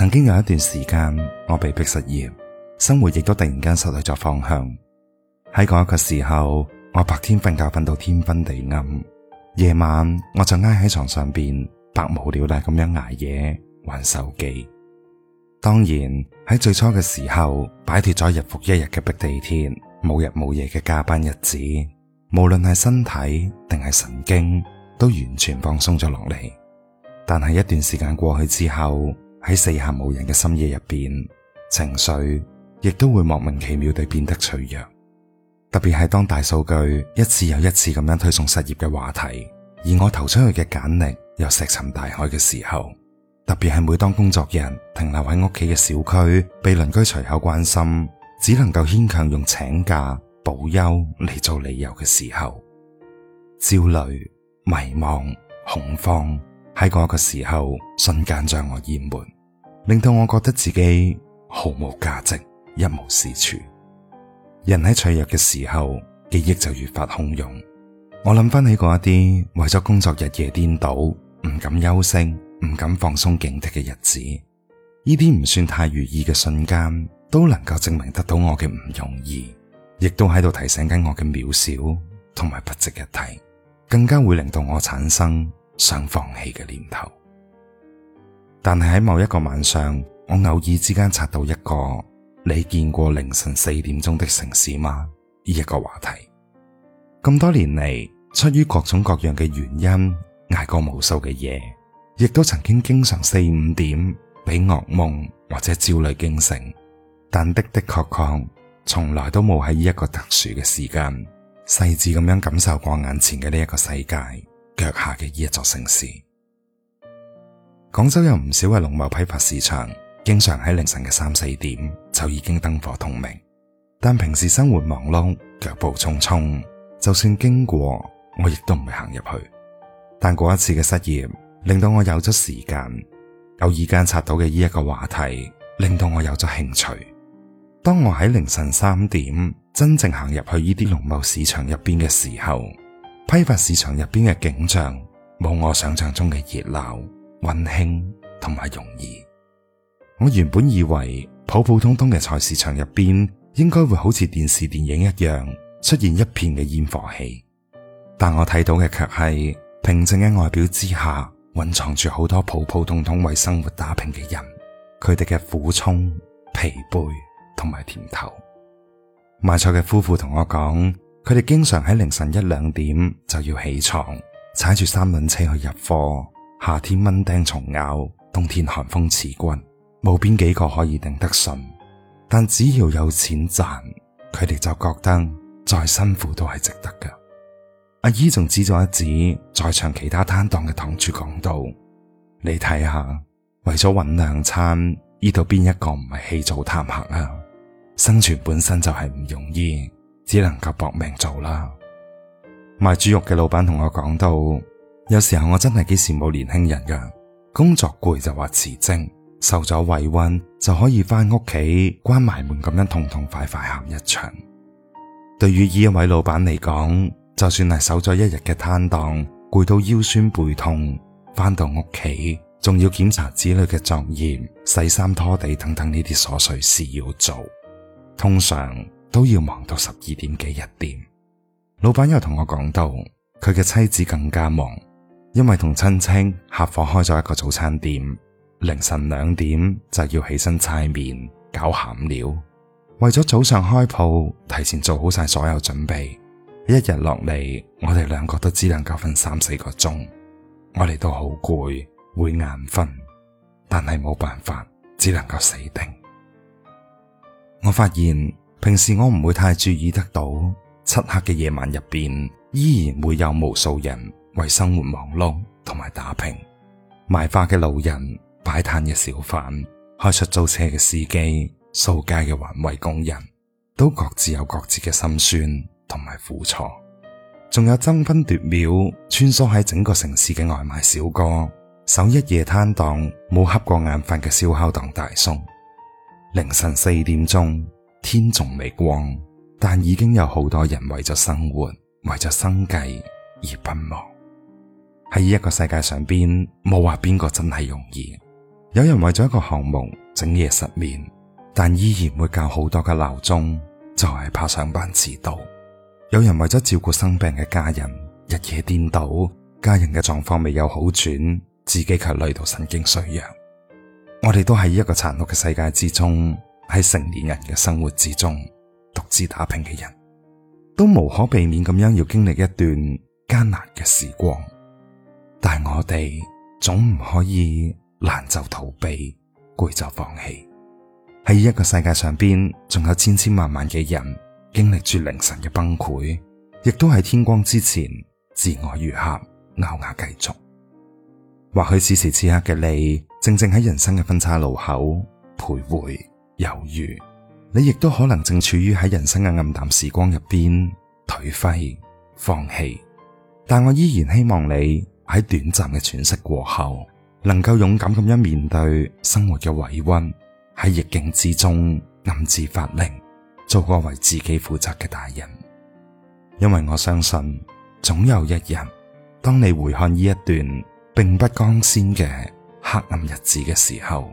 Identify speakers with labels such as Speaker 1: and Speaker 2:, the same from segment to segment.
Speaker 1: 曾經有一段時間，我被逼失業，生活亦都突然間失去咗方向。喺嗰一個時候，我白天瞓覺瞓到天昏地暗，夜晚我就挨喺床上邊，百無聊賴咁樣挨夜玩手機。當然喺最初嘅時候，擺脫咗日復一日嘅逼地鐵、冇日冇夜嘅加班日子，無論係身體定係神經，都完全放鬆咗落嚟。但係一段時間過去之後，喺四下無人嘅深夜入邊，情緒亦都會莫名其妙地變得脆弱。特別係當大數據一次又一次咁樣推送失業嘅話題，而我投出去嘅簡歷又石沉大海嘅時候，特別係每當工作人停留喺屋企嘅小區，被鄰居隨口關心，只能夠牽強用請假、補休嚟做理由嘅時候，焦慮、迷茫、恐慌。喺嗰個時候，瞬間將我淹沒，令到我覺得自己毫無價值，一無是處。人喺脆弱嘅時候，記憶就越發洶湧。我諗翻起嗰一啲為咗工作日夜顛倒，唔敢休息，唔敢放鬆警惕嘅日子，呢啲唔算太如意嘅瞬間，都能夠證明得到我嘅唔容易，亦都喺度提醒緊我嘅渺小同埋不值一提，更加會令到我產生。想放棄嘅念頭，但係喺某一個晚上，我偶爾之間刷到一個你見過凌晨四點鐘的城市嗎？呢一個話題，咁多年嚟，出於各種各樣嘅原因，捱過無數嘅夜，亦都曾經經常四五點俾噩夢或者焦慮驚醒，但的的確確，從來都冇喺一個特殊嘅時間，細致咁樣感受過眼前嘅呢一個世界。腳下嘅呢一座城市，廣州有唔少嘅農貿批發市場，經常喺凌晨嘅三四點就已經燈火通明。但平時生活忙碌，腳步匆匆，就算經過，我亦都唔會行入去。但嗰一次嘅失業，令到我有咗時間，偶爾間刷到嘅呢一個話題，令到我有咗興趣。當我喺凌晨三點真正行入去呢啲農貿市場入邊嘅時候。批發市場入邊嘅景象，冇我想象中嘅熱鬧、温馨同埋容易。我原本以為普普通通嘅菜市場入邊，應該會好似電視電影一樣，出現一片嘅煙火氣。但我睇到嘅卻係平靜嘅外表之下，蘊藏住好多普普通通為生活打拼嘅人，佢哋嘅苦衷、疲憊同埋甜頭。賣菜嘅夫婦同我講。佢哋經常喺凌晨一兩點就要起床，踩住三輪車去入貨。夏天蚊叮蟲咬，冬天寒風刺骨，冇邊幾個可以頂得順。但只要有錢賺，佢哋就覺得再辛苦都係值得噶。阿姨仲指咗一指在場其他攤檔嘅檔主，講道：你睇下，為咗揾兩餐，呢度邊一個唔係起早貪黑啊？生存本身就係唔容易。只能夠搏命做啦！賣豬肉嘅老闆同我講到，有時候我真係幾羨慕年輕人嘅工作攰，就話辭職，受咗委屈就可以翻屋企關埋門咁樣痛痛快快喊一場。對於呢一位老闆嚟講，就算係守咗一日嘅攤檔，攰到腰痠背痛，翻到屋企仲要檢查子女嘅作業、洗衫、拖地等等呢啲瑣碎事要做，通常。都要忙到十二點幾一點老闆，老闆又同我講到佢嘅妻子更加忙，因為同親戚合伙開咗一個早餐店，凌晨兩點就要起身猜麵搞餡料，為咗早上開鋪提前做好晒所有準備，一日落嚟我哋兩個都只能夠瞓三四個鐘，我哋都好攰會眼瞓，但係冇辦法只能夠死定，我發現。平時我唔會太注意得到，漆黑嘅夜晚入邊依然會有無數人為生活忙碌同埋打拼，賣花嘅老人、擺攤嘅小販、開出租車嘅司機、掃街嘅環衛工人，都各自有各自嘅心酸同埋苦楚。仲有爭分奪秒穿梭喺整個城市嘅外賣小哥、守一夜攤檔冇瞌過眼瞓嘅燒烤檔大宋，凌晨四點鐘。天仲未光，但已經有好多人為咗生活、為咗生計而奔忙。喺呢一個世界上邊，冇話邊個真係容易。有人為咗一個項目整夜失眠，但依然會教好多嘅鬧鐘，就係怕上班遲到。有人為咗照顧生病嘅家人日夜顛倒，家人嘅狀況未有好轉，自己卻累到神經衰弱。我哋都喺一個殘酷嘅世界之中。喺成年人嘅生活之中，獨自打拼嘅人都無可避免咁樣要經歷一段艱難嘅時光。但係我哋總唔可以難就逃避，攰就放棄。喺一個世界上邊，仲有千千萬萬嘅人經歷住凌晨嘅崩潰，亦都係天光之前自我愈合，咬牙繼續。或許此時此刻嘅你，正正喺人生嘅分岔路口徘徊。猶豫，你亦都可能正處於喺人生嘅暗淡時光入邊，頹廢放棄，但我依然希望你喺短暫嘅喘息過後，能夠勇敢咁樣面對生活嘅委屈，喺逆境之中暗自發力，做個為自己負責嘅大人。因為我相信，總有一日，當你回看呢一段並不光鮮嘅黑暗日子嘅時候，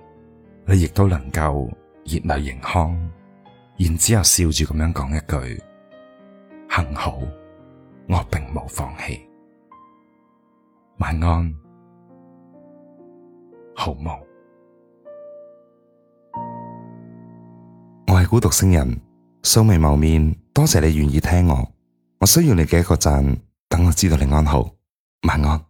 Speaker 1: 你亦都能夠。熱淚盈眶，然之後笑住咁樣講一句：幸好我並冇放棄。晚安，好夢。我係孤獨星人，素未謀面，多謝你願意聽我。我需要你嘅一個讚，等我知道你安好。晚安。